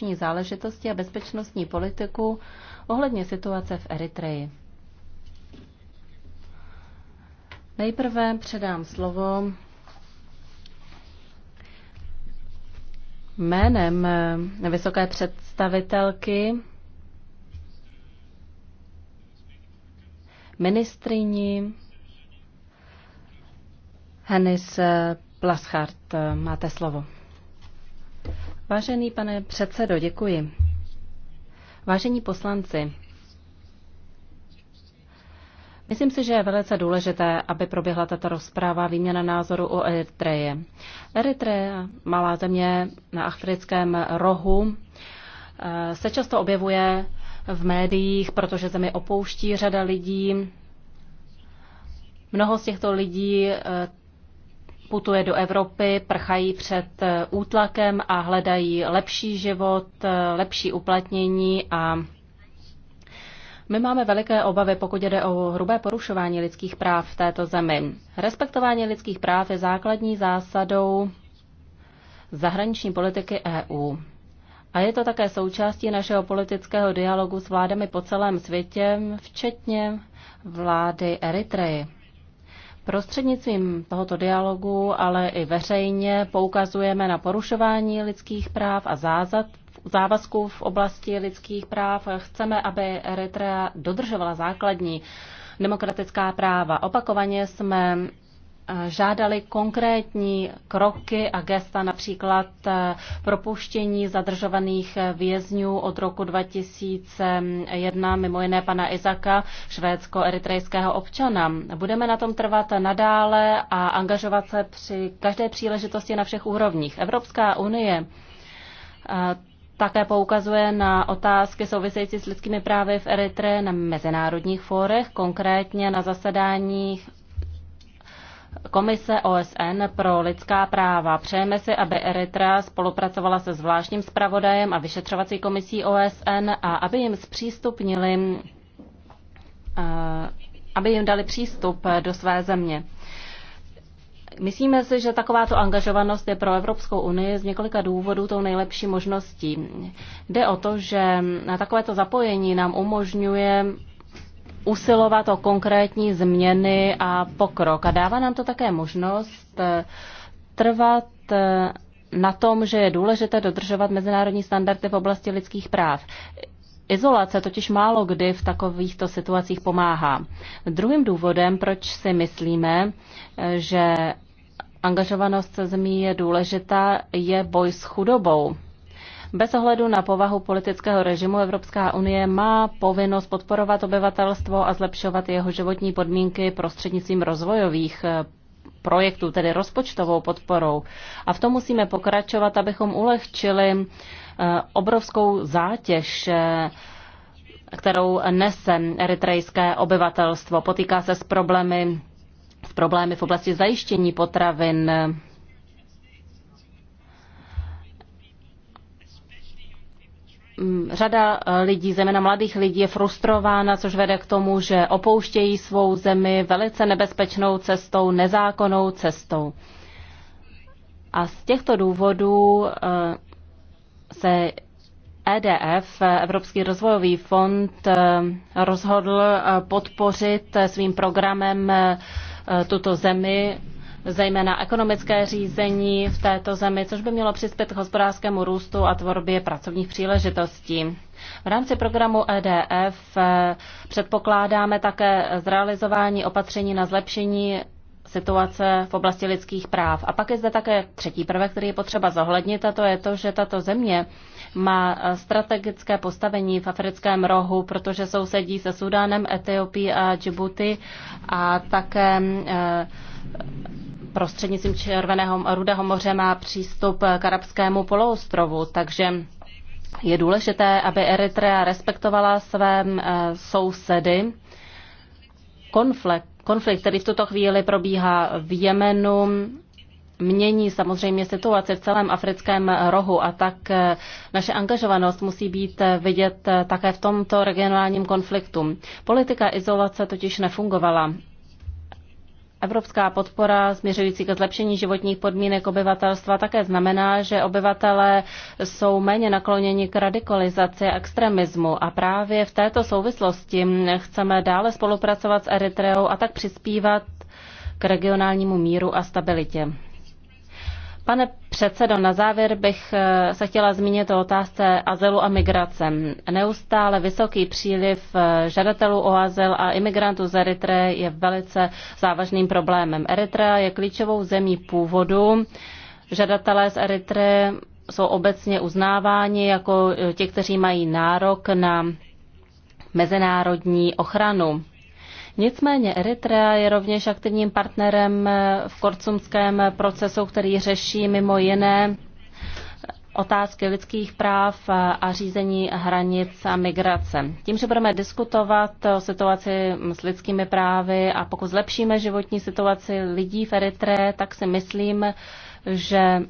zahraniční záležitosti a bezpečnostní politiku ohledně situace v Eritreji. Nejprve předám slovo jménem eh, vysoké představitelky ministrini Hennis Plaschart. Máte slovo. Vážený pane předsedo, děkuji. Vážení poslanci, Myslím si, že je velice důležité, aby proběhla tato rozpráva výměna názoru o Eritreji. Eritreja, malá země na africkém rohu, eh, se často objevuje v médiích, protože zemi opouští řada lidí. Mnoho z těchto lidí eh, putuje do Evropy, prchají před eh, útlakem a hledají lepší život, eh, lepší uplatnění a my máme veliké obavy, pokud jde o hrubé porušování lidských práv v této zemi. Respektování lidských práv je základní zásadou zahraniční politiky EU. A je to také součástí našeho politického dialogu s vládami po celém světě, včetně vlády Eritreje. Prostřednictvím tohoto dialogu, ale i veřejně poukazujeme na porušování lidských práv a zázad, závazků v oblasti lidských práv. Chceme, aby Eritrea dodržovala základní demokratická práva. Opakovaně jsme Eh, žádali konkrétní kroky a gesta, například eh, propuštění zadržovaných vězňů od roku 2001, mimo jiné pana Izaka, švédsko-eritrejského občana. Budeme na tom trvat nadále a angažovat se při každé příležitosti na všech úrovních. Evropská unie eh, také poukazuje na otázky související s lidskými právy v Eritre na mezinárodních fórech, konkrétně na zasedáních Komise OSN pro lidská práva. Přejeme si, aby Eritrea spolupracovala se zvláštním zpravodajem a vyšetřovací komisí OSN a aby jim zpřístupnili, eh, aby jim dali přístup do své země. Myslíme si, že takováto angažovanost je pro Evropskou unii z několika důvodů tou nejlepší možností. Jde o to, že na takovéto zapojení nám umožňuje usilovat o konkrétní změny a pokrok. A dává nám to také možnost eh, trvat eh, na tom, že je důležité dodržovat mezinárodní standardy v oblasti lidských práv. Izolace totiž málo kdy v takovýchto situacích pomáhá. Druhým důvodem, proč si myslíme, eh, že angažovanost zemí je důležitá, je boj s chudobou. Bez ohledu na povahu politického režimu Evropská unie má povinnost podporovat obyvatelstvo a zlepšovat jeho životní podmínky prostřednictvím rozvojových eh, projektů, tedy rozpočtovou podporou. A v tom musíme pokračovat, abychom ulehčili eh, obrovskou zátěž eh, kterou nese eritrejské obyvatelstvo. Potýká se s problémy, s problémy v oblasti zajištění potravin, Mm, řada eh, lidí, zejména mladých lidí, je frustrována, což vede k tomu, že opouštějí svou zemi velice nebezpečnou cestou, nezákonnou cestou. A z těchto důvodů eh, se EDF, Evropský rozvojový fond, eh, rozhodl podpořit svým programem tuto zemi zejména ekonomické řízení v této zemi, což by mělo přispět k hospodářskému růstu a tvorbě pracovních příležitostí. V rámci programu EDF eh, předpokládáme také zrealizování opatření na zlepšení situace v oblasti lidských práv. A pak je zde také třetí prvek, který je potřeba zohlednit, a to je to, že tato země má eh, strategické postavení v africkém rohu, protože sousedí se Sudánem, Etiopií a Djibouti a také eh, prostřednictvím Červeného Rudého moře má přístup k arabskému poloostrovu, takže je důležité, aby Eritrea respektovala své eh, sousedy. Konflikt, konflikt, který v tuto chvíli probíhá v Jemenu, mění samozřejmě situaci v celém africkém rohu a tak eh, naše angažovanost musí být eh, vidět také v tomto regionálním konfliktu. Politika izolace totiž nefungovala. Evropská podpora směřující ke zlepšení životních podmínek obyvatelstva také znamená, že obyvatelé jsou méně nakloněni k radikalizaci a extremismu a právě v této souvislosti chceme dále spolupracovat s Eritreou a tak přispívat k regionálnímu míru a stabilitě. Pane předsedo, na závěr bych eh, se chtěla zmínit o otázce azylu a migrace. Neustále vysoký příliv eh, žadatelů o azyl a imigrantů z Eritre je velice závažným problémem. Eritrea je klíčovou zemí původu. Žadatelé z Eritre jsou obecně uznáváni jako eh, ti, kteří mají nárok na mezinárodní ochranu. Nicméně Eritrea je rovněž aktivním partnerem v korcumském procesu, který řeší mimo jiné otázky lidských práv a řízení hranic a migrace. Tím, že budeme diskutovat o situaci s lidskými právy a pokud zlepšíme životní situaci lidí v Eritre, tak si myslím, že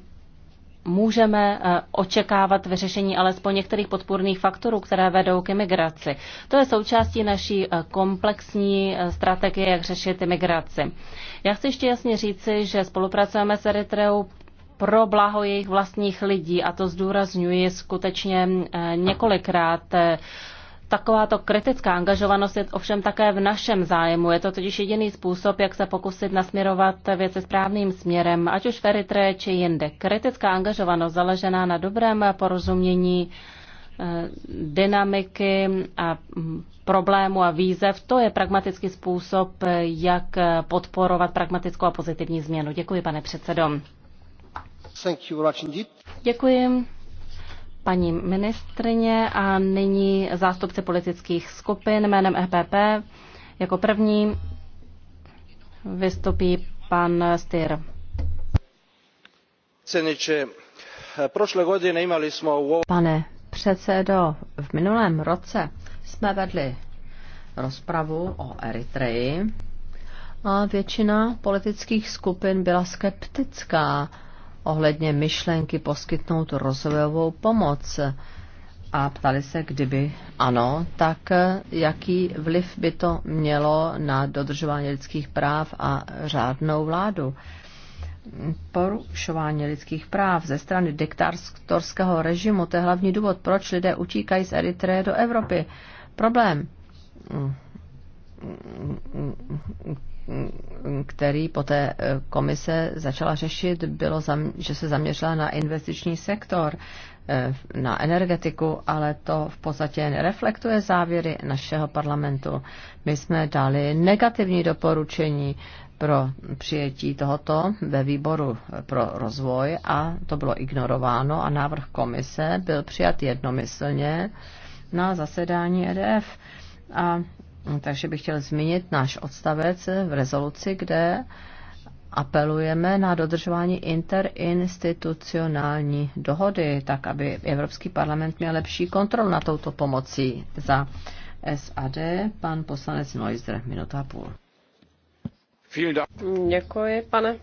můžeme eh, očekávat vyřešení alespoň některých podpůrných faktorů, které vedou k imigraci. To je součástí naší eh, komplexní eh, strategie, jak řešit imigraci. Já chci ještě jasně říci, že spolupracujeme s Eritreou pro blaho jejich vlastních lidí a to zdůrazňuji skutečně několikrát. Takováto kritická angažovanost je ovšem také v našem zájmu. Je to totiž jediný způsob, jak se pokusit nasměrovat věci správným směrem, ať už v Eritreji či jinde. Kritická angažovanost založená na dobrém porozumění eh, dynamiky a mm, problémů a výzev, to je pragmatický způsob, jak podporovat pragmatickou a pozitivní změnu. Děkuji, pane předsedo. Děkuji paní ministrině a nyní zástupce politických skupin jménem EPP. Jako první vystupí pan Styr. Pane předsedo, v minulém roce jsme vedli rozpravu o Eritreji a většina politických skupin byla skeptická ohledně myšlenky poskytnout rozvojovou pomoc. A ptali se, kdyby ano, tak eh, jaký vliv by to mělo na dodržování lidských práv a řádnou vládu. Porušování lidských práv ze strany diktátorského režimu, to je hlavní důvod, proč lidé utíkají z Eritreje do Evropy. Problém který poté eh, komise začala řešit, bylo, že se zaměřila na investiční sektor, eh, na energetiku, ale to v podstatě reflektuje závěry našeho parlamentu. My jsme dali negativní doporučení pro přijetí tohoto ve výboru eh, pro rozvoj a to bylo ignorováno a návrh komise byl přijat jednomyslně na zasedání EDF. A takže bych chtěl zmínit náš odstavec v rezoluci, kde apelujeme na dodržování interinstitucionální dohody, tak aby Evropský parlament měl lepší kontrol na touto pomocí. Za SAD pan poslanec Neusdr, minuta a půl. Děkuji, pane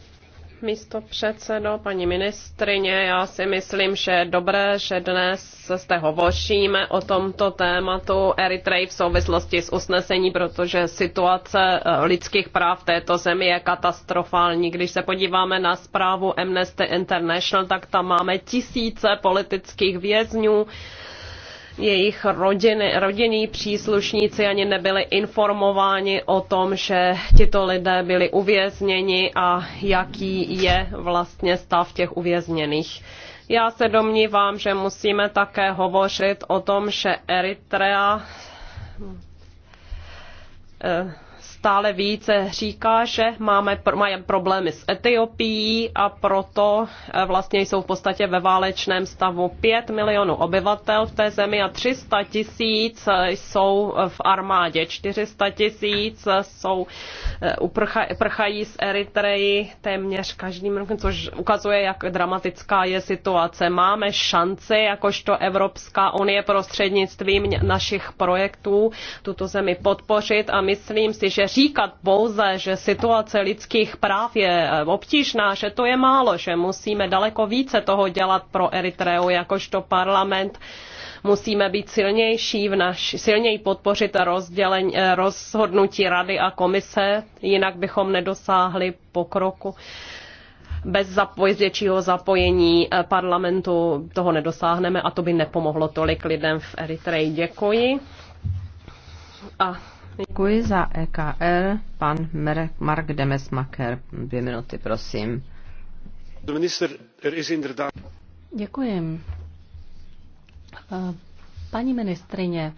místo předsedo, paní ministrině. Já si myslím, že je dobré, že dnes zde hovoříme o tomto tématu Eritrej v souvislosti s usnesení, protože situace eh, lidských práv v této zemi je katastrofální. Když se podíváme na zprávu Amnesty International, tak tam máme tisíce politických vězňů, jejich rodiny, rodinní příslušníci ani nebyli informováni o tom, že tito lidé byli uvězněni a jaký je vlastně stav těch uvězněných. Já se domnívám, že musíme také hovořit o tom, že Eritrea eh, stále více říká, že máme, mají problémy s Etiopií a proto eh, vlastně jsou v podstatě ve válečném stavu 5 milionů obyvatel v té zemi a 300 tisíc eh, jsou eh, v armádě, 400 tisíc jsou uprcha, prchají z Eritreji téměř každým rokem, což ukazuje, jak dramatická je situace. Máme šanci, jakožto Evropská unie prostřednictvím našich projektů tuto zemi podpořit a myslím si, že říkat pouze, že situace lidských práv je eh, obtížná, že to je málo, že musíme daleko více toho dělat pro Eritreu, jakožto parlament musíme být silnější v naš, silněji podpořit rozdělení, eh, rozhodnutí rady a komise, jinak bychom nedosáhli pokroku. Bez zapoj, většího zapojení eh, parlamentu toho nedosáhneme a to by nepomohlo tolik lidem v Eritreji. Děkuji. A Děkuji za EKR. Pan Mark Demesmaker, dvě minuty, prosím. Děkuji. Eh, paní ministrině,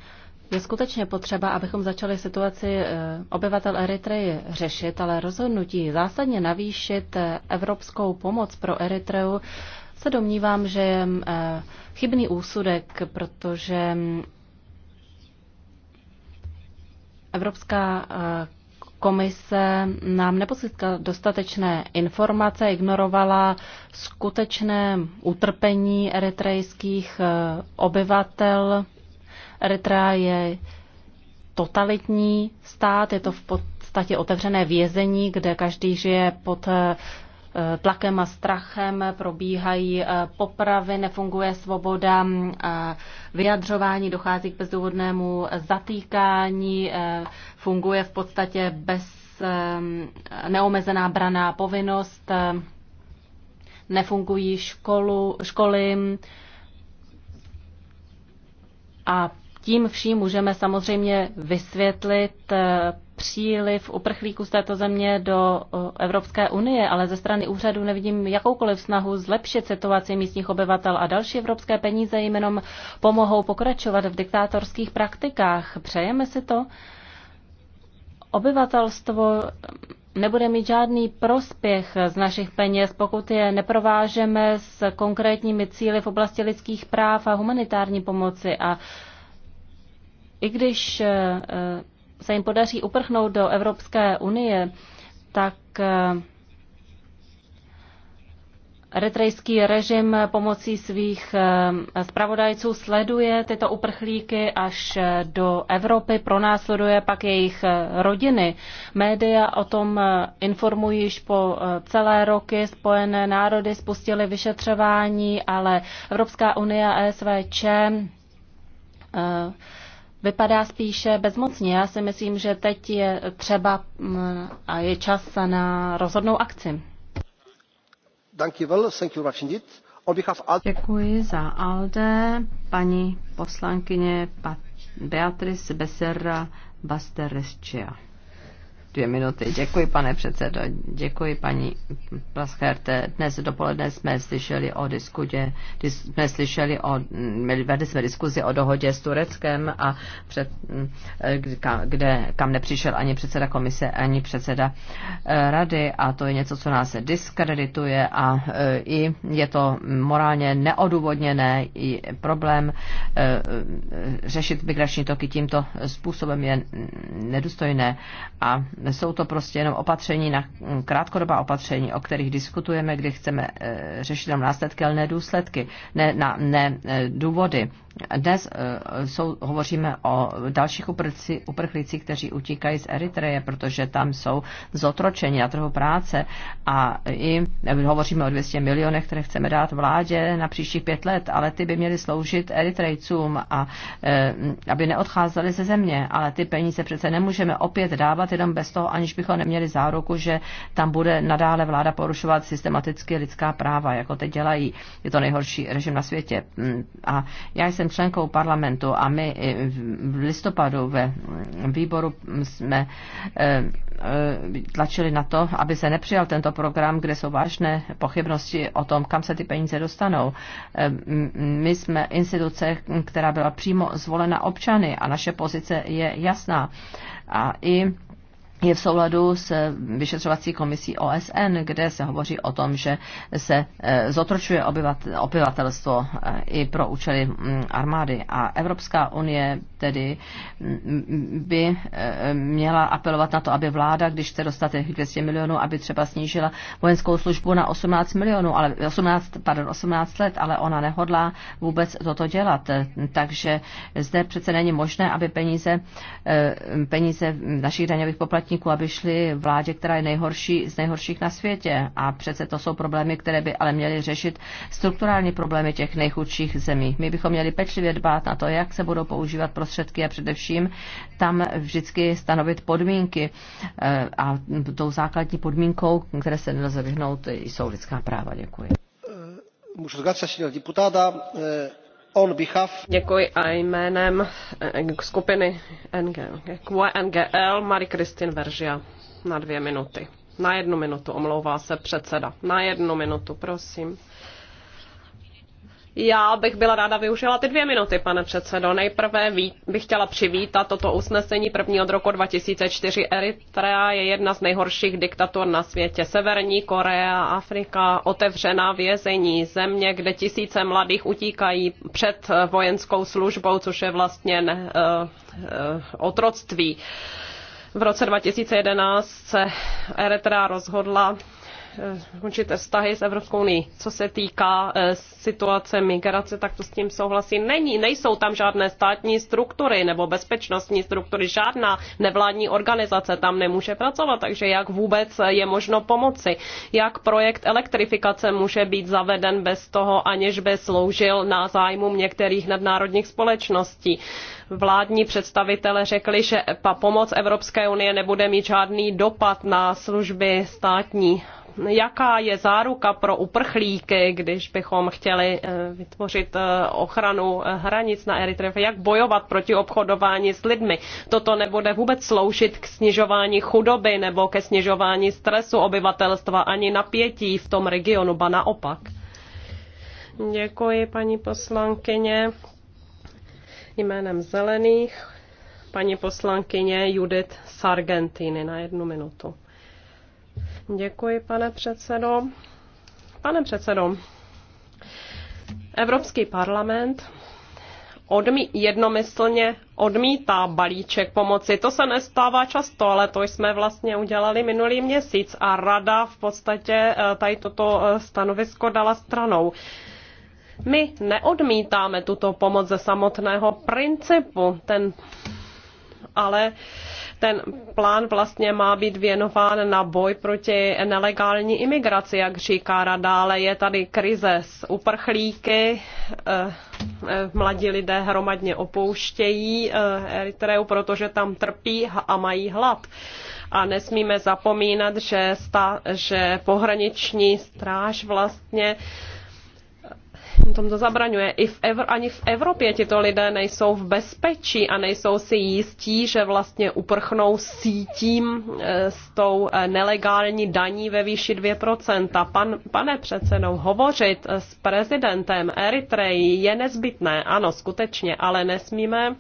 je skutečně potřeba, abychom začali situaci eh, obyvatel Eritreji řešit, ale rozhodnutí zásadně navýšit eh, evropskou pomoc pro Eritreu se domnívám, že je chybný úsudek, protože mm, Evropská eh, komise nám neposkytla dostatečné informace, ignorovala skutečné utrpení eritrejských eh, obyvatel. Eritrea je totalitní stát, je to v podstatě otevřené vězení, kde každý žije pod eh, tlakem a strachem, probíhají eh, popravy, nefunguje svoboda eh, vyjadřování, dochází k bezdůvodnému zatýkání, eh, funguje v podstatě bez neomezená braná povinnost, nefungují školu, školy a tím vším můžeme samozřejmě vysvětlit příliv uprchlíků z této země do Evropské unie, ale ze strany úřadu nevidím jakoukoliv snahu zlepšit situaci místních obyvatel a další evropské peníze jim jenom pomohou pokračovat v diktátorských praktikách. Přejeme si to? Obyvatelstvo nebude mít žádný prospěch z našich peněz, pokud je neprovážeme s konkrétními cíly v oblasti lidských práv a humanitární pomoci. A i když e, se jim podaří uprchnout do Evropské unie, tak eh, Eritrejský režim pomocí svých eh, zpravodajců sleduje tyto uprchlíky až eh, do Evropy, pronásleduje pak jejich rodiny. Média o tom informují již po celé roky. Spojené národy spustily vyšetřování, ale Evropská unie a ESVČ vypadá spíše bezmocně. Já si myslím, že teď je třeba mm, a je čas na rozhodnou akci. Děkuji za ALDE, paní poslankyně Beatrice Becerra Basterescia dvě minuty. Děkuji, pane předsedo. Děkuji, paní Plascherte. Dnes dopoledne jsme slyšeli o diskutě, jsme slyšeli o, vedli jsme diskuzi o dohodě s Tureckem a před, mm, e, kde, kam nepřišel ani předseda komise, ani předseda e, rady a to je něco, co nás diskredituje a e, i je to morálně neodůvodněné i problém řešit migrační toky tímto způsobem je nedůstojné a jsou to prostě jenom opatření na krátkodobá opatření, o kterých diskutujeme, kdy chceme eh, řešit jenom následky, ale ne důsledky, ne, na, ne eh, důvody. Dnes eh, jsou, hovoříme o dalších uprchlíci, uprchlících, kteří utíkají z Eritreje, protože tam jsou zotročeni na trhu práce a i hovoříme o 200 milionech, které chceme dát vládě na příštích pět let, ale ty by měly sloužit Eritrejcům a aby neodcházeli ze země, ale ty peníze přece nemůžeme opět dávat jenom bez toho, aniž bychom neměli záruku, že tam bude nadále vláda porušovat systematicky lidská práva, jako teď dělají. Je to nejhorší režim na světě. Mm, a já jsem členkou parlamentu a my eh, v listopadu ve výboru jsme eh, eh, tlačili na to, aby se nepřijal tento program, kde jsou vážné pochybnosti o tom, kam se ty peníze dostanou. My jsme instituce, která byla přímo zvolena občany a naše pozice je jasná. A i je v souladu s eh, vyšetřovací komisí OSN, kde se hovoří o tom, že se eh, zotročuje obyvatelstvo eh, i pro účely mm, armády. A Evropská unie tedy mm, by měla apelovat na to, aby vláda, když chce dostat těch 200 milionů, aby třeba snížila vojenskou službu na 18 milionů, ale 18, pardon, 18 let, ale ona nehodlá vůbec toto dělat. Takže zde přece není možné, aby peníze, peníze našich daňových poplatníků živnostníků, aby šli vládě, která je nejhorší z nejhorších na světě. A přece to jsou problémy, které by ale měly řešit strukturální problémy těch nejchudších zemí. My bychom měli pečlivě dbát na to, jak se budou používat prostředky a především tam vždycky stanovit podmínky. E, a tou základní podmínkou, které se nelze vyhnout, jsou lidská práva. Děkuji. E, můžu gracias, Děkuji a jménem eh, eh, skupiny NGL Marie Christine Veržia na dvě minuty. Na jednu minutu, omlouvá se předseda. Na jednu minutu, prosím. Já bych byla ráda využila ty dvě minuty, pane předsedo. Nejprve bych chtěla přivítat toto usnesení první od roku 2004. Eritrea je jedna z nejhorších diktatur na světě. Severní Korea, Afrika, otevřená vězení, země, kde tisíce mladých utíkají před vojenskou službou, což je vlastně ne, eh, eh, otroctví. V roce 2011 se Eritrea rozhodla Eh, končit vztahy s Evropskou unii. Co se týká eh, situace migrace, tak to s tím souhlasí. Není, nejsou tam žádné státní struktury nebo bezpečnostní struktury, žádná nevládní organizace tam nemůže pracovat, takže jak vůbec je možno pomoci? Jak projekt elektrifikace může být zaveden bez toho, aniž by sloužil na zájmům některých nadnárodních společností? vládní představitelé řekli, že pomoc Evropské unie nebude mít žádný dopad na služby státní jaká je záruka pro uprchlíky, když bychom chtěli eh, vytvořit eh, ochranu eh, hranic na Eritreve, jak bojovat proti obchodování s lidmi. Toto nebude vůbec sloužit k snižování chudoby nebo ke snižování stresu obyvatelstva ani napětí v tom regionu, ba naopak. Děkuji, paní poslankyně. Jménem zelených paní poslankyně Judith Sargentini na jednu minutu. Děkuji, pane předsedo. Pane předsedo, Evropský parlament odmí, jednomyslně odmítá balíček pomoci. To se nestává často, ale to jsme vlastně udělali minulý měsíc a rada v podstatě eh, tady toto eh, stanovisko dala stranou. My neodmítáme tuto pomoc ze samotného principu, ten, ale uh, ten plán vlastně má být věnován na boj proti nelegální imigraci, jak říká rada, ale je tady krize s uprchlíky, eh, eh, mladí lidé hromadně opouštějí eh, Eritreu, protože tam trpí a mají hlad a nesmíme zapomínat, že, sta, že pohraniční stráž vlastně tom to zabraňuje. I v Evr- ani v Evropě tito lidé nejsou v bezpečí a nejsou si jistí, že vlastně uprchnou sítím e, s tou e, nelegální daní ve výši 2%. Pan, pane předsedou, hovořit e, s prezidentem Eritreji je nezbytné, ano, skutečně, ale nesmíme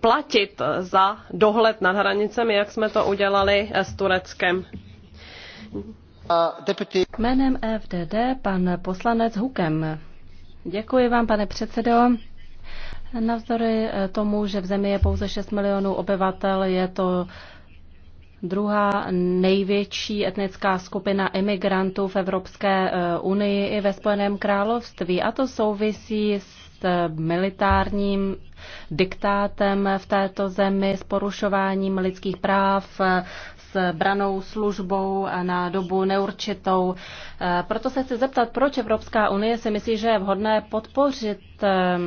platit za dohled nad hranicemi, jak jsme to udělali s Tureckem. Jménem FDD pan poslanec Hukem. Děkuji vám, pane předsedo. Navzdory eh, tomu, že v zemi je pouze 6 milionů obyvatel, je to druhá největší etnická skupina imigrantů v Evropské eh, unii i ve Spojeném království. A to souvisí s eh, militárním diktátem v této zemi, s porušováním lidských práv, branou službou na dobu neurčitou. Eh, proto se chci zeptat, proč Evropská unie si myslí, že je vhodné podpořit eh,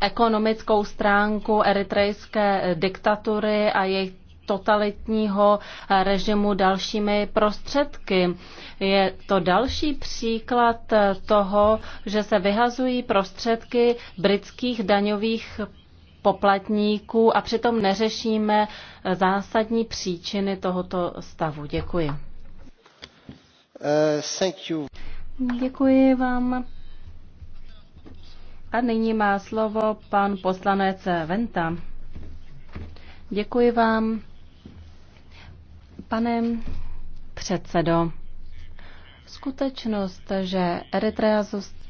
ekonomickou stránku eritrejské diktatury a jejich totalitního eh, režimu dalšími prostředky. Je to další příklad toho, že se vyhazují prostředky britských daňových poplatníků a přitom neřešíme zásadní příčiny tohoto stavu. Děkuji. Uh, thank you. Děkuji vám. A nyní má slovo pan poslanec Venta. Děkuji vám, pane předsedo. Skutečnost, že Eritrea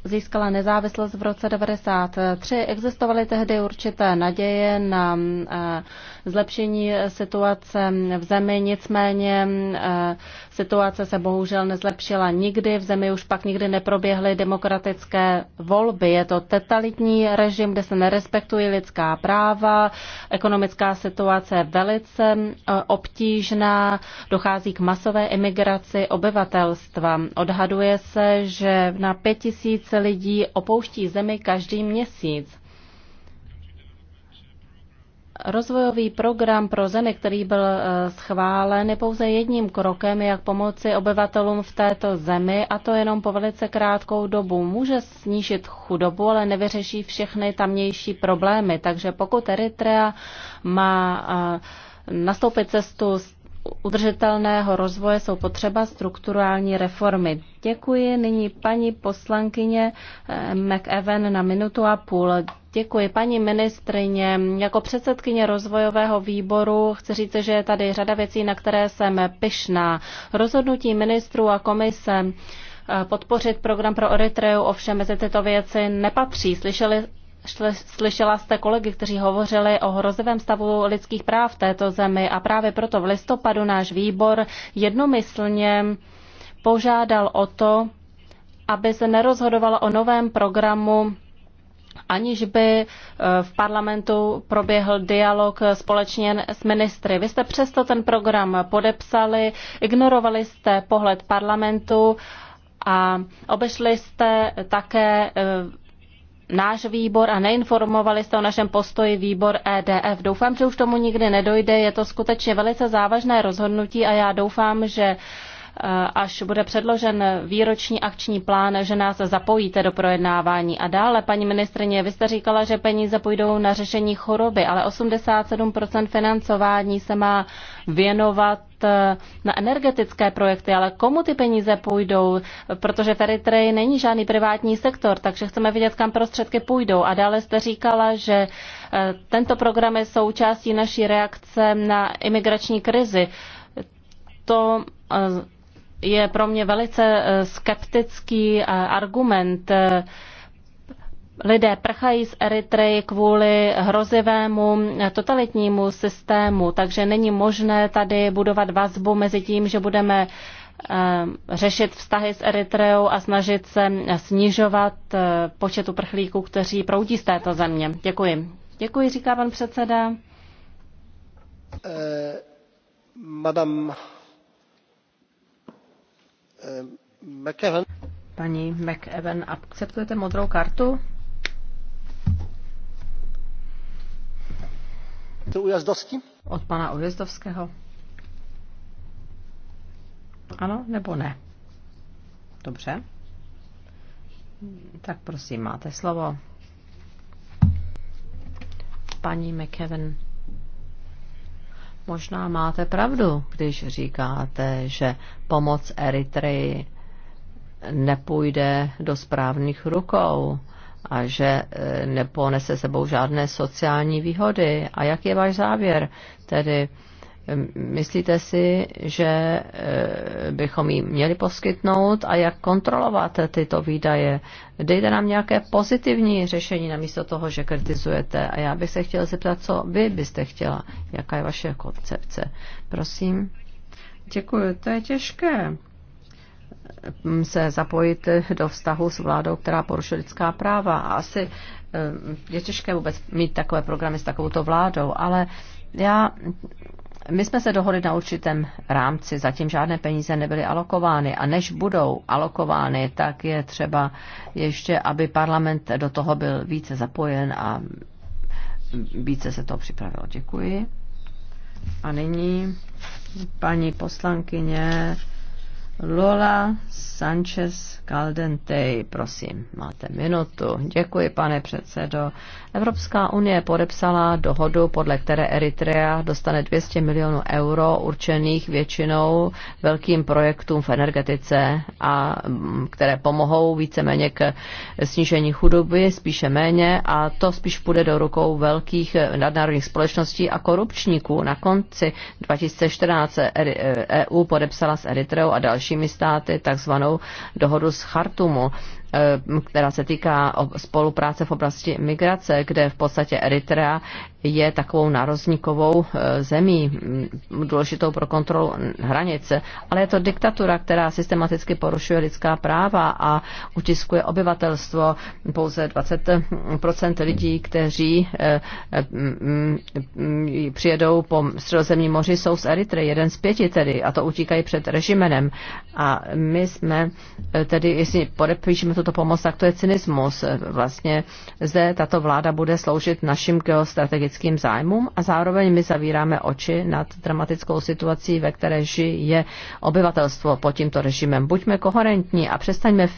získala nezávislost v roce 1993, existovaly tehdy určité naděje na eh, zlepšení situace v zemi, nicméně eh, situace se bohužel nezlepšila nikdy, v zemi už pak nikdy neproběhly demokratické volby. Je to totalitní režim, kde se nerespektují lidská práva, ekonomická situace je velice eh, obtížná, dochází k masové imigraci obyvatelstva. Odhaduje se, že na pět tisíc lidí opouští zemi každý měsíc. Rozvojový program pro zemi, který byl eh, schválen, je pouze jedním krokem, jak pomoci obyvatelům v této zemi, a to jenom po velice krátkou dobu. Může snížit chudobu, ale nevyřeší všechny tamnější problémy. Takže pokud Eritrea má eh, nastoupit cestu udržitelného rozvoje jsou potřeba strukturální reformy. Děkuji nyní paní poslankyně eh, McEwen na minutu a půl. Děkuji paní ministrině. Jako předsedkyně rozvojového výboru chci říct, že je tady řada věcí, na které jsem pyšná. Rozhodnutí ministrů a komise eh, podpořit program pro Eritreu ovšem mezi tyto věci nepatří. Slyšeli Slyšela jste kolegy, kteří hovořili o hrozivém stavu lidských práv v této zemi a právě proto v listopadu náš výbor jednomyslně požádal o to, aby se nerozhodovalo o novém programu aniž by e, v parlamentu proběhl dialog společně s ministry. Vy jste přesto ten program podepsali, ignorovali jste pohled parlamentu a obešli jste také e, náš výbor a neinformovali jste o našem postoji výbor EDF. Doufám, že už tomu nikdy nedojde. Je to skutečně velice závažné rozhodnutí a já doufám, že e, až bude předložen výroční akční plán, že nás zapojíte do projednávání. A dále, paní ministrině, vy jste říkala, že peníze půjdou na řešení choroby, ale 87% financování se má věnovat Eh, na energetické projekty, ale komu ty peníze půjdou, protože v Eritreji není žádný privátní sektor, takže chceme vidět kam prostředky půjdou. A dále jste říkala, že eh, tento program je součástí naší reakce na imigrační krizi. To eh, je pro mě velice skeptický argument lidé prchají z Eritreji kvůli hrozivému totalitnímu systému, takže není možné tady budovat vazbu mezi tím, že budeme eh, řešit vztahy s Eritreou a snažit se snižovat eh, počet uprchlíků, kteří proudí z této země. Děkuji. Děkuji, říká pan předseda. Eh, madam eh, McEwen. Paní McEwen, akceptujete modrou kartu? Ujazdovský? Od pana Ujazdovského. Ano nebo ne? Dobře. Tak prosím, máte slovo. Paní McKevin, možná máte pravdu, když říkáte, že pomoc Eritreji nepůjde do správných rukou a že e, neponese sebou žádné sociální výhody. A jak je váš závěr? Tedy myslíte si, že e, bychom jim měli poskytnout a jak kontrolovat tyto výdaje? Dejte nám nějaké pozitivní řešení namísto toho, že kritizujete. A já bych se chtěla zeptat, co vy byste chtěla, jaká je vaše koncepce. Prosím. Děkuji, to je těžké Mm, se zapojit do vztahu s vládou, která porušuje lidská práva. A asi mm, je těžké vůbec mít takové programy s takovouto vládou, ale já my jsme se dohodli na určitém rámci, zatím žádné peníze nebyly alokovány a než budou alokovány, tak je třeba ještě, aby parlament do toho byl více zapojen a více se to připravilo. Děkuji. A nyní paní poslankyně Lola Sanchez Caldente, prosím, máte minutu. Děkuji, pane předsedo. Evropská unie podepsala dohodu, podle které Eritrea dostane 200 milionů euro určených většinou velkým projektům v energetice, a, mm, které pomohou víceméně k snížení chudoby, spíše méně, a to spíš půjde do rukou velkých nadnárodních společností a korupčníků. Na konci 2014 EU e- e podepsala s Eritreou a další dalšími státy takzvanou dohodu z Chartumu, eh, která se týká spolupráce v oblasti migrace, kde v podstatě Eritrea je takovou narozníkovou eh, zemí, mm, důležitou pro kontrolu hranice, ale je to diktatura, která systematicky porušuje lidská práva a utiskuje obyvatelstvo. Pouze 20% lidí, kteří eh, eh, mm, přijedou po středozemní moři, jsou z Eritre, jeden z pěti tedy, a to utíkají před režimenem. A my jsme tedy, jestli podepíšeme tuto pomoc, tak to je cynismus. Vlastně zde tato vláda bude sloužit našim geostrategickým ekonomickým zájmům a zároveň my zavíráme oči nad dramatickou situací, ve které žije obyvatelstvo pod tímto režimem. Buďme koherentní a přestaňme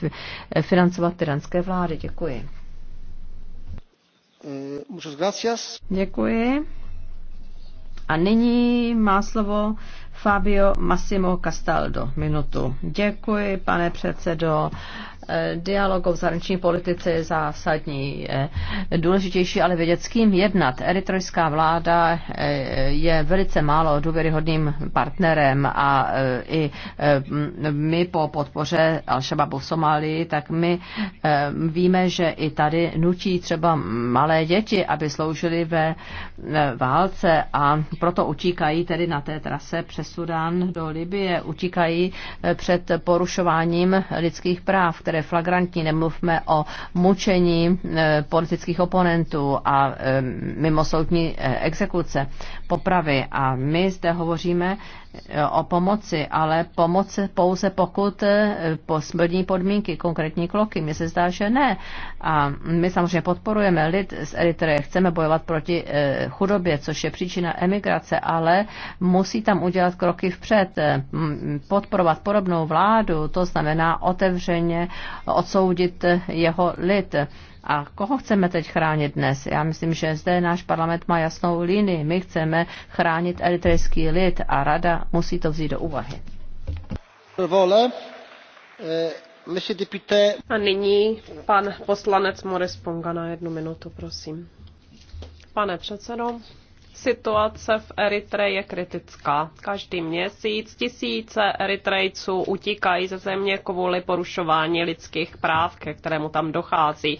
financovat tyranské vlády. Děkuji. Mm, Děkuji. A nyní má slovo Fabio Massimo Castaldo. Minutu. Děkuji, pane předsedo. Eh, dialog o zahraniční politice je zásadní. Důležitější ale vědět, s kým jednat. Eritrojská vláda eh, je velice málo důvěryhodným partnerem a eh, i my po podpoře Al-Shababu v Somálii, tak my víme, že i tady nutí třeba malé děti, aby sloužili ve válce a proto utíkají tedy na té trase přes Sudán do Libie, utíkají před porušováním lidských práv, které které flagrantní, nemluvme o mučení eh, politických oponentů a eh, mimosoudní eh, exekuce popravy. A my zde hovoříme eh, o pomoci, ale pomoc pouze pokud eh, splní podmínky, konkrétní kloky. Mně se zdá, že ne. A my samozřejmě podporujeme lid z Eritreje, chceme bojovat proti eh, chudobě, což je příčina emigrace, ale musí tam udělat kroky vpřed, podporovat podobnou vládu, to znamená otevřeně odsoudit jeho lid a koho chceme teď chránit dnes? Já myslím, že zde náš parlament má jasnou linii. My chceme chránit eritrejský lid a rada musí to vzít do úvahy. Eh, a nyní pan poslanec Moris Ponga na jednu minutu, prosím. Pane předsedo, situace v Eritreji je kritická. Každý měsíc tisíce Eritrejců utíkají ze země kvůli porušování lidských práv, ke kterému tam dochází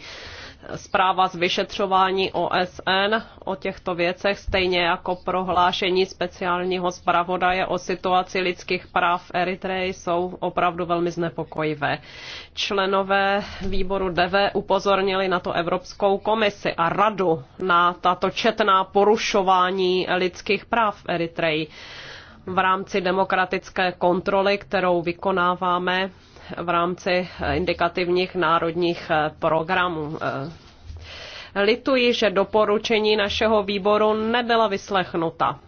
zpráva z vyšetřování OSN o těchto věcech, stejně jako prohlášení speciálního zpravodaje o situaci lidských práv v Eritreji, jsou opravdu velmi znepokojivé. Členové výboru DV upozornili na to Evropskou komisi a radu na tato četná porušování lidských práv v Eritreji v rámci demokratické kontroly, kterou vykonáváme v rámci indikativních národních eh, programů. Eh, lituji, že doporučení našeho výboru nebyla vyslechnuta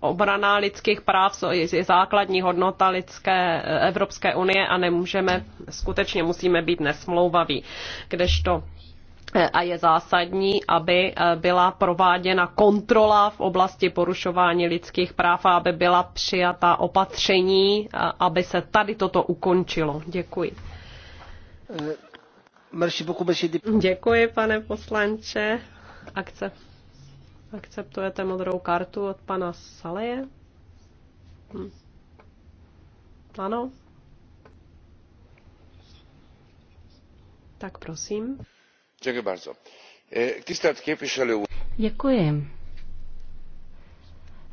obrana lidských práv je základní hodnota lidské eh, Evropské unie a nemůžeme, skutečně musíme být nesmlouvaví. Kdežto a je zásadní, aby eh, byla prováděna kontrola v oblasti porušování lidských práv a aby byla přijata opatření, eh, aby se tady toto ukončilo. Děkuji. Eh, Děkuji, pane poslanče. Akce. Akceptujete modrou kartu od pana Saleje? Hm. Ano. Tak prosím. E, Děkuji.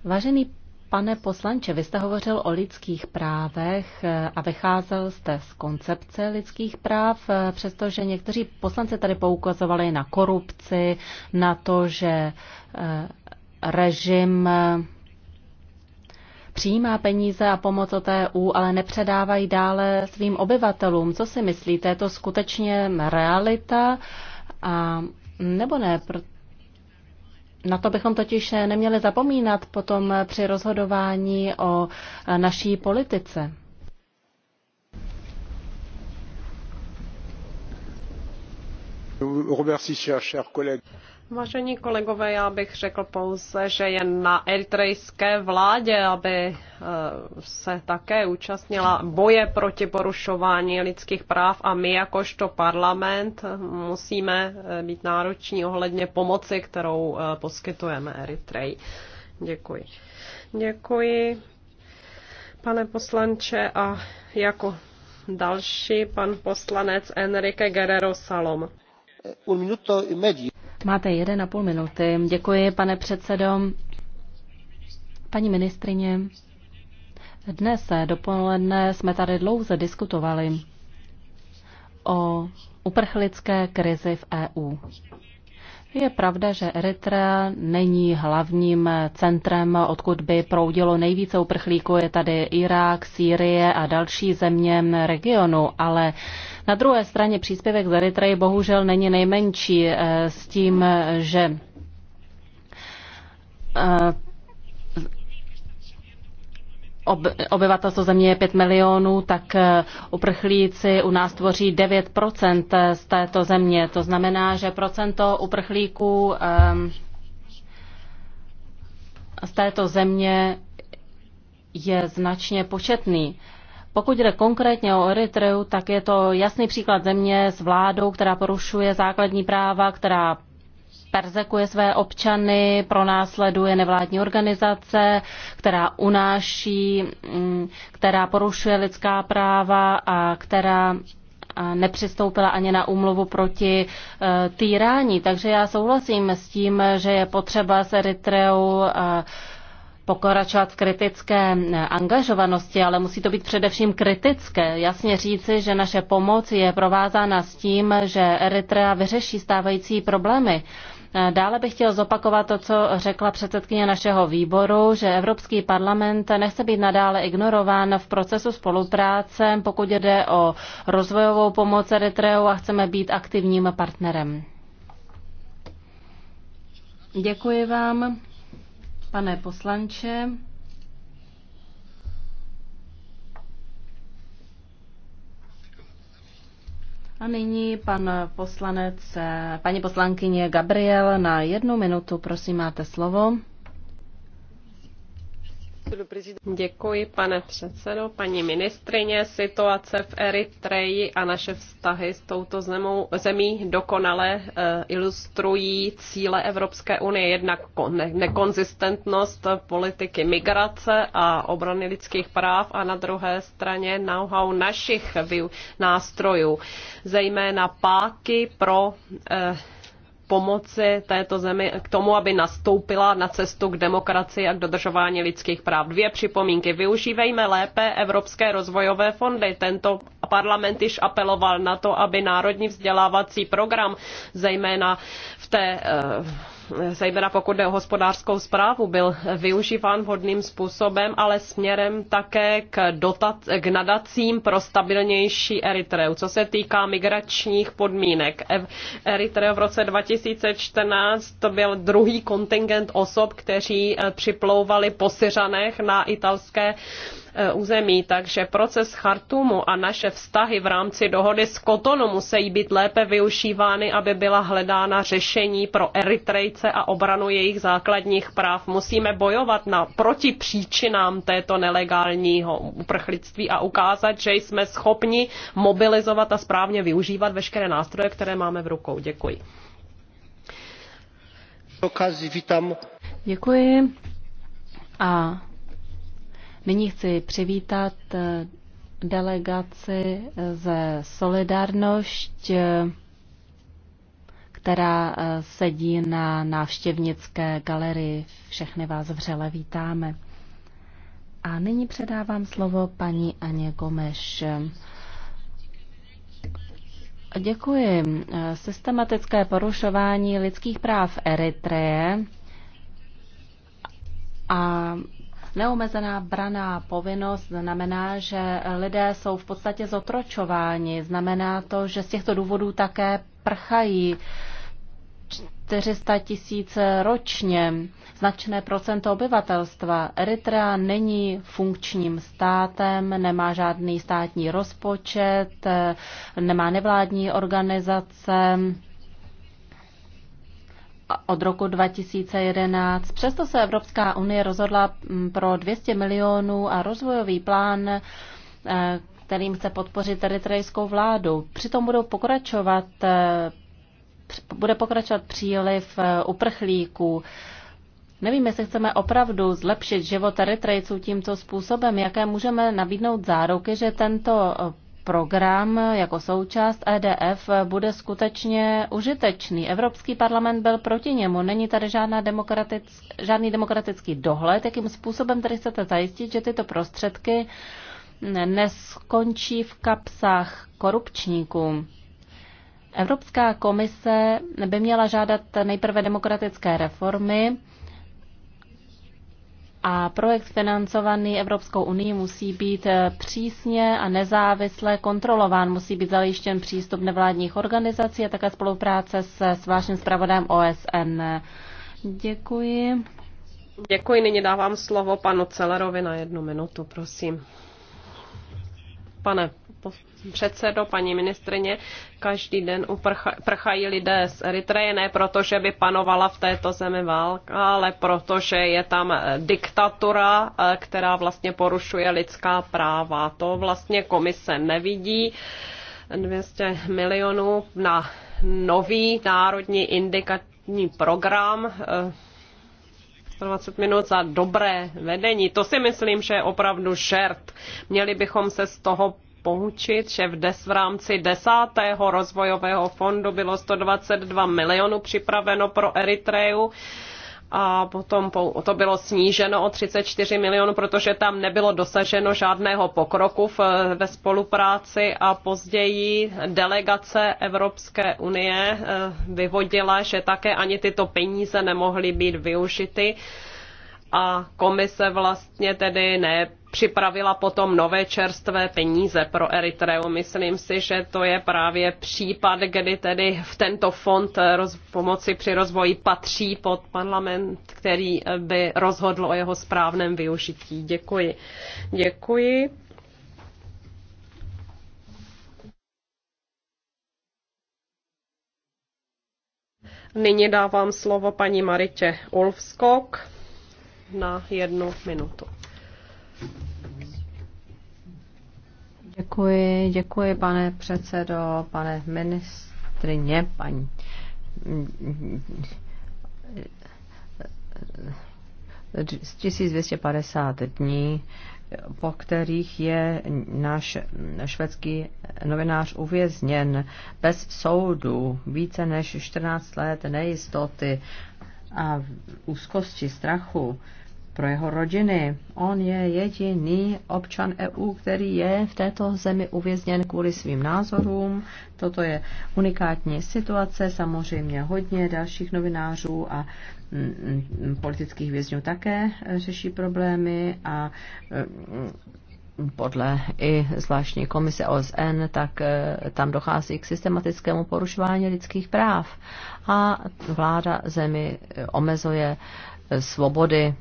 Vážený pane poslanče, vy jste hovořil o lidských právech e, a vycházel jste z koncepce lidských práv, e, přestože někteří poslanci tady poukazovali na korupci, na to, že režim přijímá peníze a pomoc od EU, ale nepředávají dále svým obyvatelům. Co si myslíte, je to skutečně realita? A nebo ne, na to bychom totiž neměli zapomínat potom při rozhodování o naší politice. Robert si, cher collègue. Vážení kolegové, já bych řekl pouze, že je na eritrejské vládě, aby e, se také účastnila boje proti porušování lidských práv a my jakožto parlament musíme e, být nároční ohledně pomoci, kterou e, poskytujeme Eritreji. Děkuji. Děkuji, pane poslanče, a jako další pan poslanec Enrique Guerrero Salom. Un minuto i medio. Máte a půl minuty. Děkuji, pane předsedo. Paní ministrině, dnes dopoledne jsme tady dlouze diskutovali o uprchlické krizi v EU. Je pravda, že Eritrea není hlavním centrem, odkud by proudilo nejvíce uprchlíků. Je tady Irák, Sýrie a další země regionu, ale na druhé straně příspěvek z Eritreji bohužel není nejmenší eh, s tím, eh, že eh, obyvatelstvo země je 5 milionů, tak eh, uprchlíci u nás tvoří 9 z této země. To znamená, že procento uprchlíků ehm, z této země je značně početný. Pokud jde konkrétně o Eritreu, tak je to jasný příklad země s vládou, která porušuje základní práva, která perzekuje své občany, pronásleduje nevládní organizace, která unáší, mm, která porušuje lidská práva a která nepřistoupila ani na úmluvu proti e, týrání. Takže já souhlasím s tím, že je potřeba s Eritreou e, pokračovat v kritické e, angažovanosti, ale musí to být především kritické. Jasně říci, že naše pomoc je provázána s tím, že Eritrea vyřeší stávající problémy. Dále bych chtěl zopakovat to, co řekla předsedkyně našeho výboru, že Evropský parlament nechce být nadále ignorován v procesu spolupráce, pokud jde o rozvojovou pomoc Eritreu a chceme být aktivním partnerem. Děkuji vám, pane poslanče. A nyní pan poslanec, eh, paní poslankyně Gabriel na jednu minutu, prosím, máte slovo. Děkuji, pane předsedo. Paní ministrině, situace v Eritreji a naše vztahy s touto zemou, zemí dokonale eh, ilustrují cíle Evropské unie, jednak ne- nekonzistentnost politiky migrace a obrany lidských práv a na druhé straně know-how našich nástrojů, zejména páky pro eh, pomoci této zemi k tomu, aby nastoupila na cestu k demokracii a k dodržování lidských práv. Dvě připomínky. Využívejme lépe Evropské rozvojové fondy. Tento parlament již apeloval na to, aby národní vzdělávací program, zejména v té eh, zejména pokud jde o hospodářskou zprávu, byl využíván vhodným způsobem, ale směrem také k, dotac, k nadacím pro stabilnější Eritreu. Co se týká migračních podmínek, Eritreu v roce 2014 to byl druhý kontingent osob, kteří eh, připlouvali po Syřanech na italské Eh, území, takže proces Chartumu a naše vztahy v rámci dohody s Kotonu musí být lépe využívány, aby byla hledána řešení pro Eritrejce a obranu jejich základních práv. Musíme bojovat na, proti příčinám této nelegálního uprchlictví a ukázat, že jsme schopni mobilizovat a správně využívat veškeré nástroje, které máme v rukou. Děkuji. Děkuji. A Nyní chci přivítat eh, delegaci eh, ze Solidarnošť, eh, která sedí na návštěvnické galerii. Všechny vás vřele vítáme. A nyní předávám slovo paní Aně Gomeš. Děkuji. Systematické porušování lidských práv Eritreje a Neomezená braná povinnost znamená, že lidé jsou v podstatě zotročováni. Znamená to, že z těchto důvodů také prchají. 400 tisíc ročně, značné procento obyvatelstva. Eritrea není funkčním státem, nemá žádný státní rozpočet, nemá nevládní organizace, od roku 2011. Přesto se Evropská unie rozhodla mm, pro 200 milionů a rozvojový plán, eh, kterým chce podpořit eritrejskou vládu. Přitom budou pokračovat, eh, bude pokračovat příliv eh, uprchlíků. Nevím, jestli chceme opravdu zlepšit život Eritrejců tímto způsobem, jaké můžeme nabídnout záruky, že tento program jako součást EDF bude skutečně užitečný. Evropský parlament byl proti němu. Není tady žádná demokratic, žádný demokratický dohled. Jakým způsobem tady chcete zajistit, že tyto prostředky neskončí v kapsách korupčníků? Evropská komise by měla žádat nejprve demokratické reformy, a projekt financovaný Evropskou unii musí být eh, přísně a nezávisle kontrolován. Musí být zajištěn přístup nevládních organizací a také spolupráce s vaším zpravodajem OSN. Děkuji. Děkuji, nyní dávám slovo panu Celerovi na jednu minutu, prosím. Pane předsedo, paní ministrině, každý den uprchají lidé z Eritreje, ne proto, že by panovala v této zemi válka, ale protože je tam eh, diktatura, eh, která vlastně porušuje lidská práva. To vlastně komise nevidí. 200 milionů na nový národní indikační program 20 eh, minut za dobré vedení. To si myslím, že je opravdu šert. Měli bychom se z toho poučit, že v, des, v rámci desátého rozvojového fondu bylo 122 milionů připraveno pro Eritreju a potom to bylo sníženo o 34 milionů, protože tam nebylo dosaženo žádného pokroku v, ve spolupráci a později delegace Evropské unie eh, vyvodila, že také ani tyto peníze nemohly být využity a komise vlastně tedy ne připravila potom nové čerstvé peníze pro Eritreu. Myslím si, že to je právě případ, kdy tedy v tento fond roz, pomoci při rozvoji patří pod parlament, který by rozhodl o jeho správném využití. Děkuji. Děkuji. Nyní dávám slovo paní Maritě Ulfskok na jednu minutu. Děkuji, děkuji pane předsedo, pane ministrině, paní. Z 1250 dní, po kterých je náš švédský novinář uvězněn bez soudu více než 14 let nejistoty a úzkosti, strachu pro jeho rodiny. On je jediný občan EU, který je v této zemi uvězněn kvůli svým názorům. Toto je unikátní situace, samozřejmě hodně dalších novinářů a mm, mm, politických vězňů také eh, řeší problémy a eh, podle i zvláštní komise OSN, tak eh, tam dochází k systematickému porušování lidských práv. A vláda zemi omezuje svobody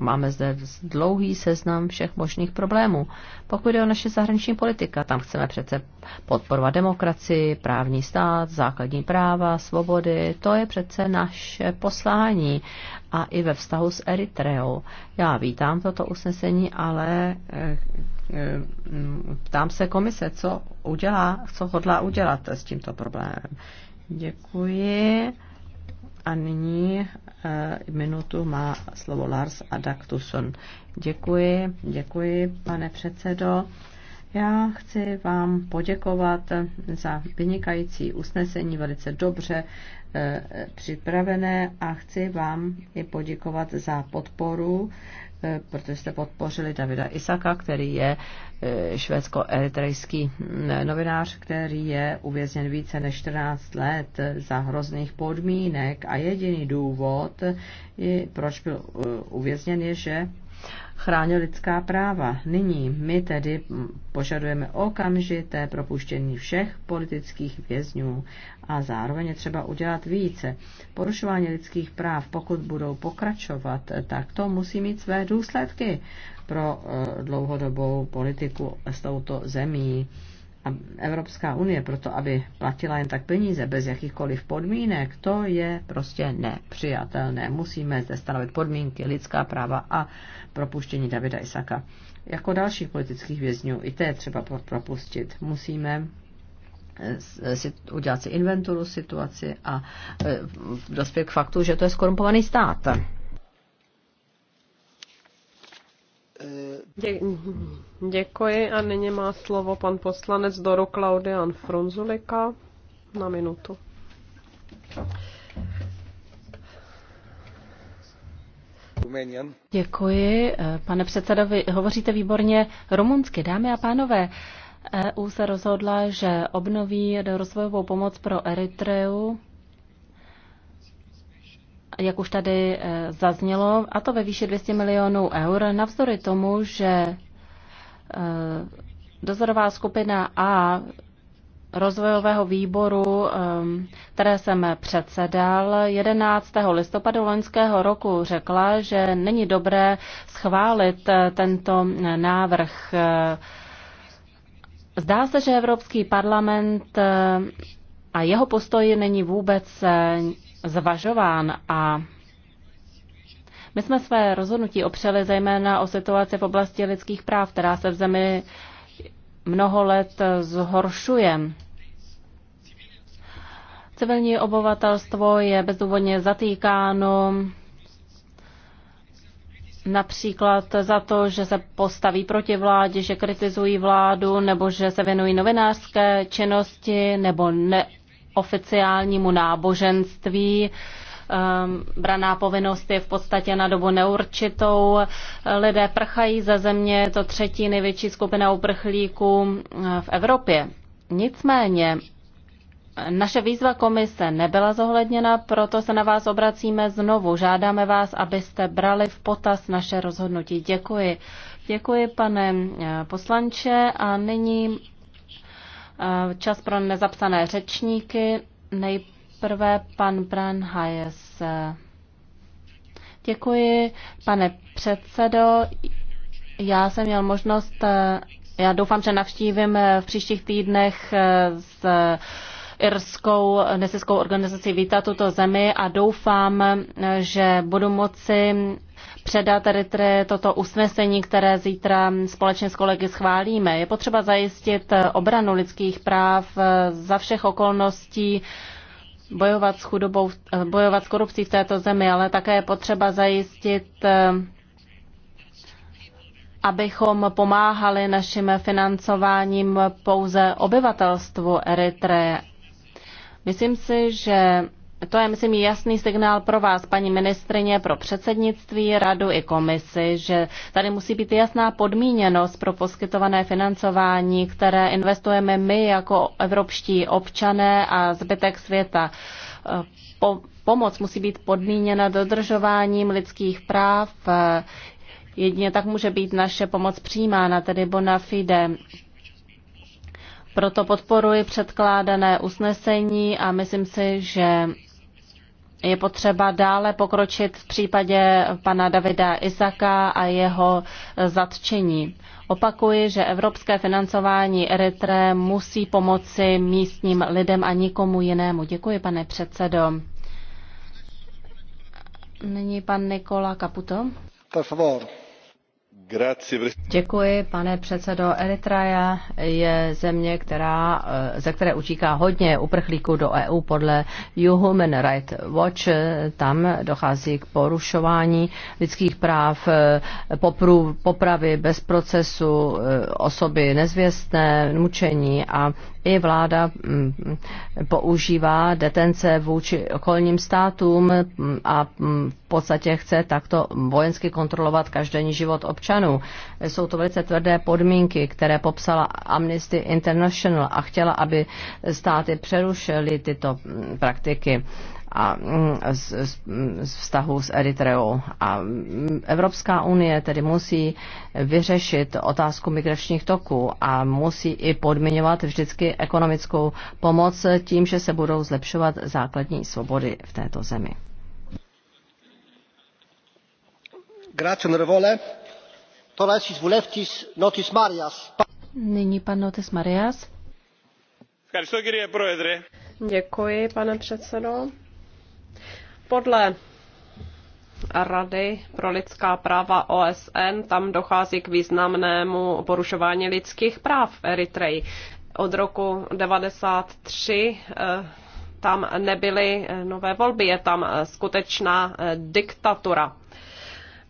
Máme zde dlouhý seznam všech možných problémů. Pokud jde o naše zahraniční politika, tam chceme přece podporovat demokracii, právní stát, základní práva, svobody. To je přece naše poslání. A i ve vztahu s Eritreou. Já vítám toto usnesení, ale eh, eh, ptám se komise, co udělá, co hodlá udělat s tímto problémem. Děkuji. A nyní eh, minutu má slovo Lars Adaktuson. Děkuji, děkuji, pane předsedo. Já chci vám poděkovat za vynikající usnesení, velice dobře eh, připravené a chci vám i poděkovat za podporu Eh, protože jste podpořili Davida Isaka, který je eh, švédsko-eritrejský hm, novinář, který je uvězněn více než 14 let eh, za hrozných podmínek a jediný důvod, proč byl uvězněn, je, že chránil lidská práva. Nyní my tedy požadujeme okamžité propuštění všech politických vězňů a zároveň je třeba udělat více. Porušování lidských práv, pokud budou pokračovat, tak to musí mít své důsledky pro eh, dlouhodobou politiku s touto zemí. Evropská unie proto, aby platila jen tak peníze bez jakýchkoliv podmínek, to je prostě nepřijatelné. Musíme zde stanovit podmínky, lidská práva a propuštění Davida Isaka. Jako dalších politických vězňů, i té třeba propustit, musíme eh, eh, si, udělat si inventuru situaci a eh, dospět k faktu, že to je skorumpovaný stát. děkuji a nyní má slovo pan poslanec Doro Klaudian Frunzulika na minutu. Děkuji, pane vy Hovoříte výborně rumunsky. Dámy a pánové, EU se rozhodla, že obnoví rozvojovou pomoc pro Eritreu jak už tady eh, zaznělo, a to ve výši 200 milionů eur, navzdory tomu, že eh, dozorová skupina A rozvojového výboru, ehm, které jsem předsedal, 11. listopadu loňského roku řekla, že není dobré schválit eh, tento návrh. Zdá se, že Evropský parlament a jeho postoj není vůbec zvažován a my jsme své rozhodnutí opřeli zejména o situaci v oblasti lidských práv, která se v zemi mnoho let zhoršuje. Civilní obyvatelstvo je bezdůvodně zatýkáno například za to, že se postaví proti vládě, že kritizují vládu, nebo že se věnují novinářské činnosti, nebo ne, oficiálnímu náboženství. Ehm, braná povinnost je v podstatě na dobu neurčitou. Lidé prchají ze země, je to třetí největší skupina uprchlíků ehm, v Evropě. Nicméně naše výzva komise nebyla zohledněna, proto se na vás obracíme znovu. Žádáme vás, abyste brali v potaz naše rozhodnutí. Děkuji. Děkuji, pane ehm, poslanče. A nyní Eh, čas pro nezapsané řečníky. Nejprve pan Bran Hayes. Děkuji, pane předsedo. Já jsem měl možnost, eh, já doufám, že navštívím eh, v příštích týdnech s irskou neziskovou organizací Víta tuto zemi a doufám, že budu moci předat Eritre toto usnesení, které zítra společně s kolegy schválíme. Je potřeba zajistit obranu lidských práv za všech okolností, bojovat s chudobou, bojovat s korupcí v této zemi, ale také je potřeba zajistit abychom pomáhali naším financováním pouze obyvatelstvu Eritreje. Myslím si, že to je, myslím, jasný signál pro vás, paní ministrině, pro předsednictví, radu i komisi, že tady musí být jasná podmíněnost pro poskytované financování, které investujeme my jako evropští občané a zbytek světa. Po, pomoc musí být podmíněna dodržováním lidských práv. Jedině tak může být naše pomoc přijímána, tedy bona fide. Proto podporuji předkládané usnesení a myslím si, že je potřeba dále pokročit v případě pana Davida Isaka a jeho zatčení. Opakuji, že evropské financování Eritre musí pomoci místním lidem a nikomu jinému. Děkuji, pane předsedo. Nyní pan Nikola Caputo. Por favor. Děkuji, pane předsedo. Eritrea je země, která, eh, ze které utíká hodně uprchlíků do EU podle Human Rights Watch. Tam dochází k porušování lidských práv, eh, popru, popravy bez procesu, eh, osoby nezvěstné, mučení a i vláda mm, používá detence vůči okolním státům mm, a mm, v podstatě chce takto vojensky kontrolovat každý život občanů občanů. Jsou to velice tvrdé podmínky, které popsala Amnesty International a chtěla, aby státy přerušily tyto praktiky a mm, z, z, z vztahu s Eritreou. A mm, Evropská unie tedy musí vyřešit otázku migračních toků a musí i podmiňovat vždycky ekonomickou pomoc tím, že se budou zlepšovat základní svobody v této zemi. Grazie, Nyní pan Notis Marias. Děkuji, pane předsedo. Podle Rady pro lidská práva OSN tam dochází k významnému porušování lidských práv v Eritreji. Od roku 1993 eh, tam nebyly eh, nové volby, je tam eh, skutečná diktatura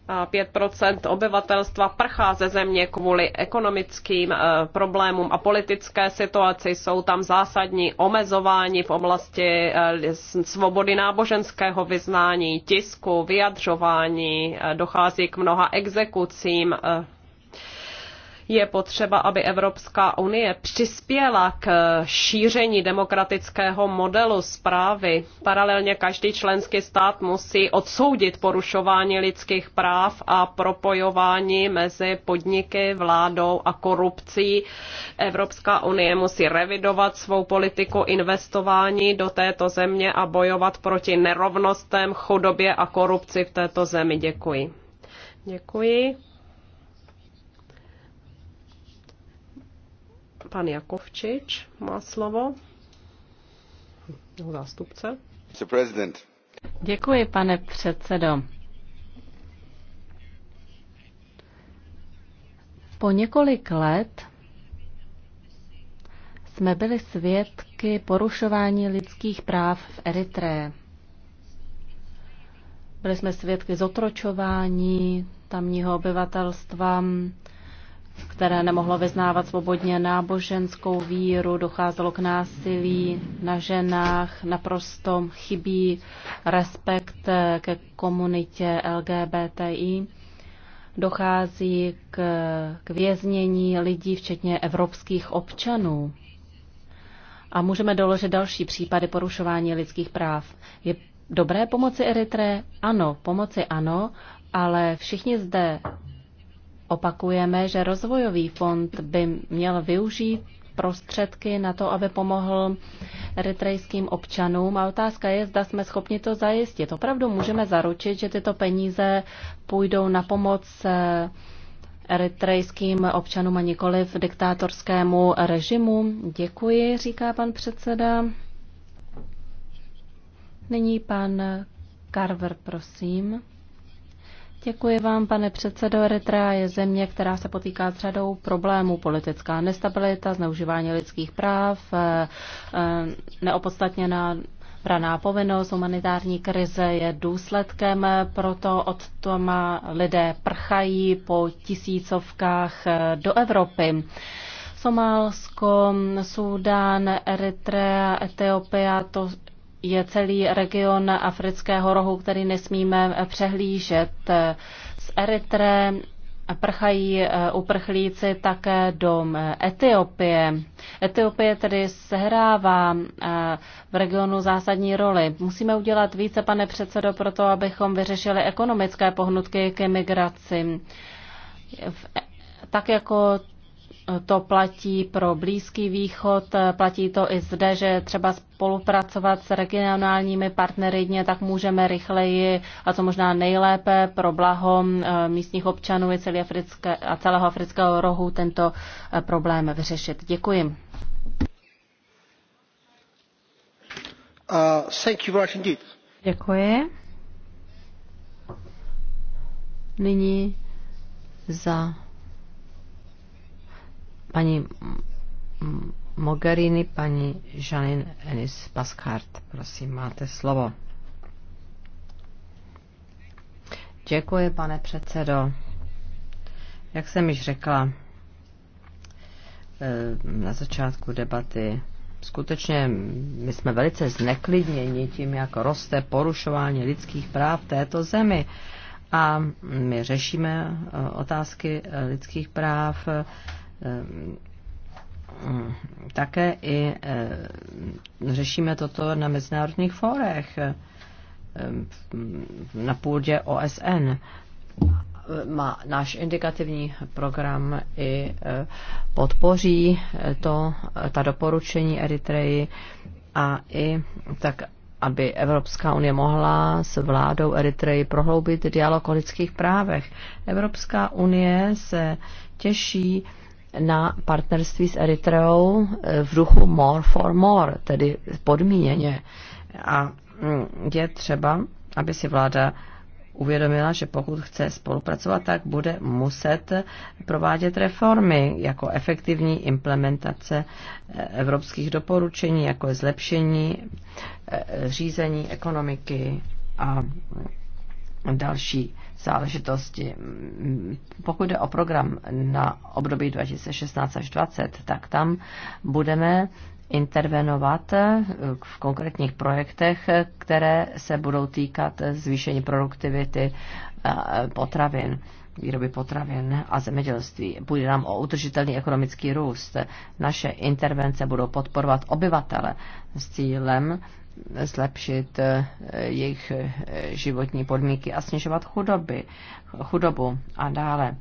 a 5 obyvatelstva prchá ze země kvůli ekonomickým eh, problémům a politické situaci. Jsou tam zásadní omezování v oblasti eh, svobody náboženského vyznání, tisku, vyjadřování. Eh, dochází k mnoha exekucím je potřeba, aby Evropská unie přispěla k šíření demokratického modelu zprávy. Paralelně každý členský stát musí odsoudit porušování lidských práv a propojování mezi podniky, vládou a korupcí. Evropská unie musí revidovat svou politiku investování do této země a bojovat proti nerovnostem, chudobě a korupci v této zemi. Děkuji. Děkuji. Pan Jakovčič má slovo. Zástupce. Děkuji, pane předsedo. Po několik let jsme byli svědky porušování lidských práv v Eritré. Byli jsme svědky zotročování tamního obyvatelstva, které nemohlo vyznávat svobodně náboženskou víru, docházelo k násilí na ženách, naprosto chybí respekt ke komunitě LGBTI, dochází k, k věznění lidí, včetně evropských občanů. A můžeme doložit další případy porušování lidských práv. Je dobré pomoci Eritre? Ano, pomoci ano, ale všichni zde Opakujeme, že rozvojový fond by měl využít prostředky na to, aby pomohl eritrejským občanům. A otázka je, zda jsme schopni to zajistit. Opravdu můžeme zaručit, že tyto peníze půjdou na pomoc eh, eritrejským občanům a nikoli v diktátorskému režimu. Děkuji, říká pan předseda. Nyní pan Carver, prosím. Děkuji vám, pane předsedo. Eritrea je země, která se potýká s řadou problémů. Politická nestabilita, zneužívání lidských práv, eh, eh, neopodstatněná Braná povinnost humanitární krize je důsledkem, proto od toma lidé prchají po tisícovkách eh, do Evropy. Somálsko, Súdán, Eritrea, Etiopia, to je celý region afrického rohu, který nesmíme přehlížet. Z Eritre prchají eh, uprchlíci také do Etiopie. Etiopie tedy sehrává eh, v regionu zásadní roli. Musíme udělat více, pane předsedo, proto abychom vyřešili ekonomické pohnutky k emigraci, V tak jako to platí pro Blízký východ, eh, platí to i zde, že třeba spolupracovat s regionálními partnery, tak můžeme rychleji a co možná nejlépe pro blaho eh, místních občanů i celé africké, a celého afrického rohu tento eh, problém vyřešit. Děkuji. Uh, thank you very much indeed. Děkuji. Nyní za paní Mogherini, paní Janine Ennis Paskart. Prosím, máte slovo. Děkuji, pane předsedo. Jak jsem již řekla eh, na začátku debaty, skutečně my jsme velice zneklidněni tím, jak roste porušování lidských práv v této zemi. A my řešíme eh, otázky eh, lidských práv Ehm, také i ehm, řešíme toto na mezinárodních fórech, ehm, na půdě OSN. Má náš indikativní program i eh, podpoří to, ta doporučení Eritreji a i tak, aby Evropská unie mohla s vládou Eritreji prohloubit dialog o lidských právech. Evropská unie se těší na partnerství s Eritreou eh, v duchu more for more, tedy podmíněně. A mm, je třeba, aby si vláda uvědomila, že pokud chce spolupracovat, tak bude muset provádět reformy, jako efektivní implementace eh, evropských doporučení, jako zlepšení eh, řízení ekonomiky a další záležitosti. Pokud jde o program na období 2016 až 2020, tak tam budeme intervenovat eh, v konkrétních projektech, které se budou týkat zvýšení produktivity eh, potravin výroby potravin a zemědělství. Půjde nám o udržitelný ekonomický růst. Naše intervence budou podporovat obyvatele s cílem zlepšit eh, jejich eh, životní podmínky a snižovat chudoby, chudobu a dále.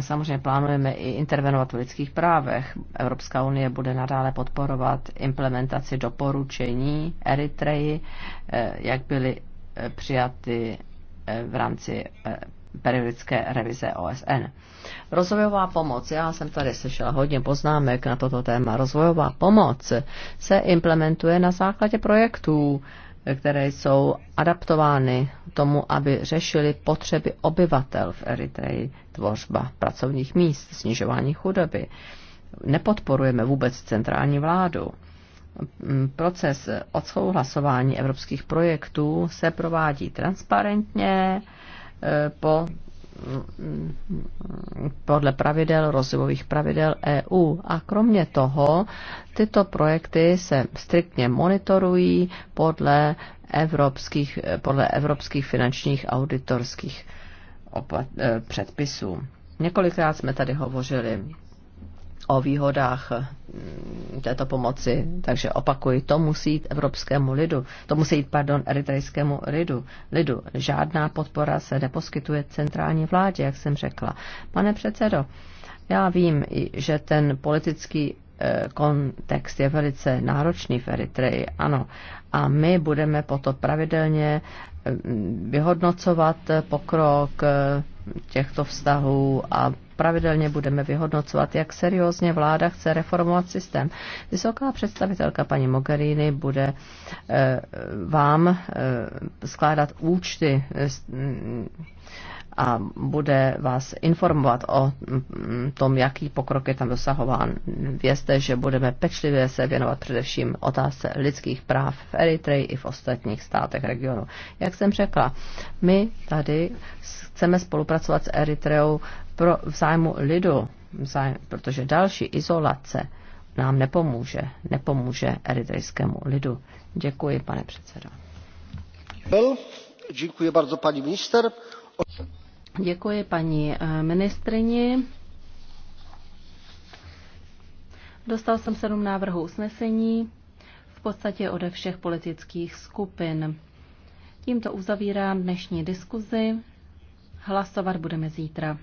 Samozřejmě plánujeme i intervenovat v lidských právech. Evropská unie bude nadále podporovat implementaci doporučení Eritreji, eh, jak byly přijaty v rámci periodické revize OSN. Rozvojová pomoc. Já jsem tady slyšela hodně poznámek na toto téma. Rozvojová pomoc se implementuje na základě projektů, které jsou adaptovány tomu, aby řešili potřeby obyvatel v Eritreji, tvořba pracovních míst, snižování chudoby. Nepodporujeme vůbec centrální vládu. Proces odsouhlasování evropských projektů se provádí transparentně, Eh, po, podle pravidel, rozvojových pravidel EU. A kromě toho, tyto projekty se striktně monitorují podle evropských, podle evropských finančních auditorských eh, předpisů. Několikrát jsme tady hovořili o výhodách mm, této pomoci. Takže opakuji, to musí jít evropskému lidu, to musí jít, pardon, eritrejskému lidu. lidu. Žádná podpora se neposkytuje centrální vládě, jak jsem řekla. Pane předsedo, já vím, že ten politický eh, kontext je velice náročný v Eritreji, ano. A my budeme potom pravidelně eh, vyhodnocovat pokrok eh, těchto vztahů a pravidelně budeme vyhodnocovat, jak seriózně vláda chce reformovat systém. Vysoká představitelka paní Mogherini bude eh, vám eh, skládat účty eh, a bude vás informovat o mm, tom, jaký pokrok je tam dosahován. Vězte, že budeme pečlivě se věnovat především otázce lidských práv v Eritreji i v ostatních státech regionu. Jak jsem řekla, my tady chceme spolupracovat s Eritreou pro vzájmu lidu, vzájmu, protože další izolace nám nepomůže, nepomůže eritrejskému lidu. Děkuji, pane předsedo. Děkuji bardzo, paní minister. Děkuji paní eh, ministrině. Dostal jsem sedm návrhů usnesení v podstatě ode všech politických skupin. Tímto uzavírám dnešní diskuzi. Hlasovat budeme zítra.